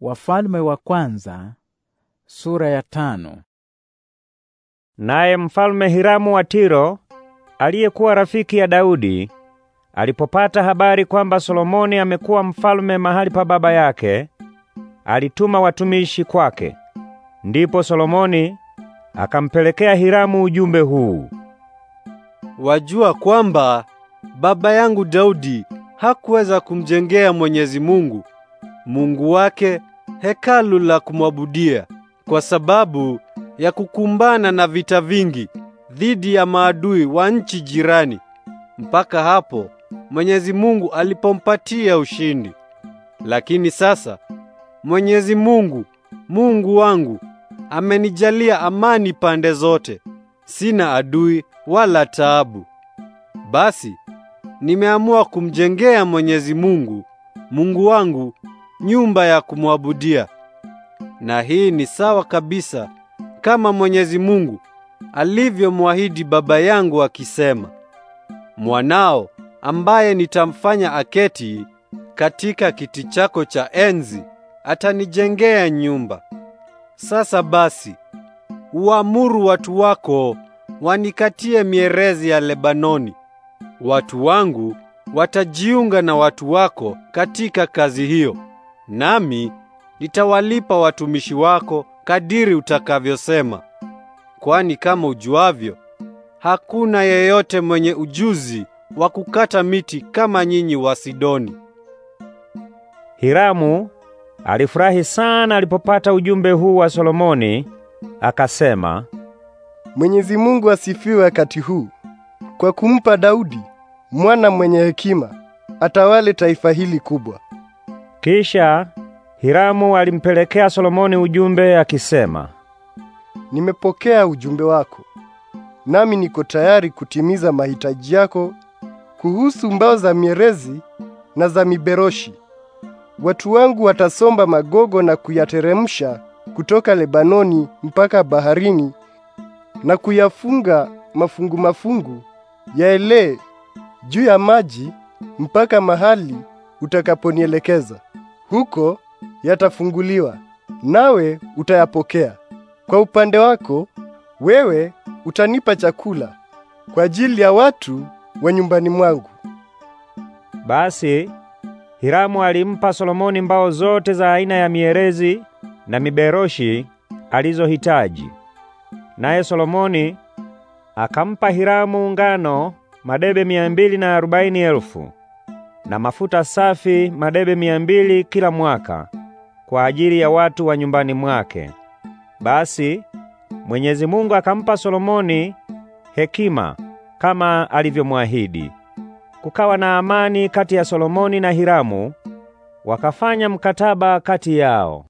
Wafalme wa kwanza sura ya tano. Naye mfalme Hiramu wa Tiro aliyekuwa rafiki ya Daudi alipopata habari kwamba Solomoni amekuwa mfalme mahali pa baba yake, alituma watumishi kwake. Ndipo Solomoni akampelekea Hiramu ujumbe huu: wajua kwamba baba yangu Daudi hakuweza kumjengea Mwenyezi Mungu Mungu wake hekalu la kumwabudia kwa sababu ya kukumbana na vita vingi dhidi ya maadui wa nchi jirani, mpaka hapo Mwenyezi Mungu alipompatia ushindi. Lakini sasa Mwenyezi Mungu, Mungu wangu, amenijalia amani pande zote. Sina adui wala taabu. Basi nimeamua kumjengea Mwenyezi Mungu, Mungu wangu nyumba ya kumwabudia. Na hii ni sawa kabisa kama Mwenyezi Mungu alivyomwahidi baba yangu akisema, mwanao ambaye nitamfanya aketi katika kiti chako cha enzi atanijengea nyumba. Sasa basi, uamuru watu wako wanikatie mierezi ya Lebanoni. Watu wangu watajiunga na watu wako katika kazi hiyo nami nitawalipa watumishi wako kadiri utakavyosema. Kwani kama ujuavyo, hakuna yeyote mwenye ujuzi wa kukata miti kama nyinyi wa Sidoni. Hiramu alifurahi sana alipopata ujumbe huu wa Solomoni, akasema, Mwenyezi Mungu asifiwe wakati huu kwa kumpa Daudi mwana mwenye hekima atawale taifa hili kubwa. Kisha Hiramu alimpelekea Solomoni ujumbe akisema, nimepokea ujumbe wako, nami niko tayari kutimiza mahitaji yako kuhusu mbao za mierezi na za miberoshi. Watu wangu watasomba magogo na kuyateremsha kutoka Lebanoni mpaka baharini na kuyafunga mafungu mafungu yaelee juu ya maji mpaka mahali utakaponielekeza huko yatafunguliwa, nawe utayapokea. Kwa upande wako wewe utanipa chakula kwa ajili ya watu wa nyumbani mwangu. Basi Hiramu alimpa Solomoni mbao zote za aina ya mierezi na miberoshi alizohitaji. Naye Solomoni akampa Hiramu ngano madebe mia mbili na arobaini elfu na mafuta safi madebe mia mbili kila mwaka kwa ajili ya watu wa nyumbani mwake. Basi Mwenyezi Mungu akampa Solomoni hekima kama alivyomwahidi. Kukawa na amani kati ya Solomoni na Hiramu, wakafanya mkataba kati yao.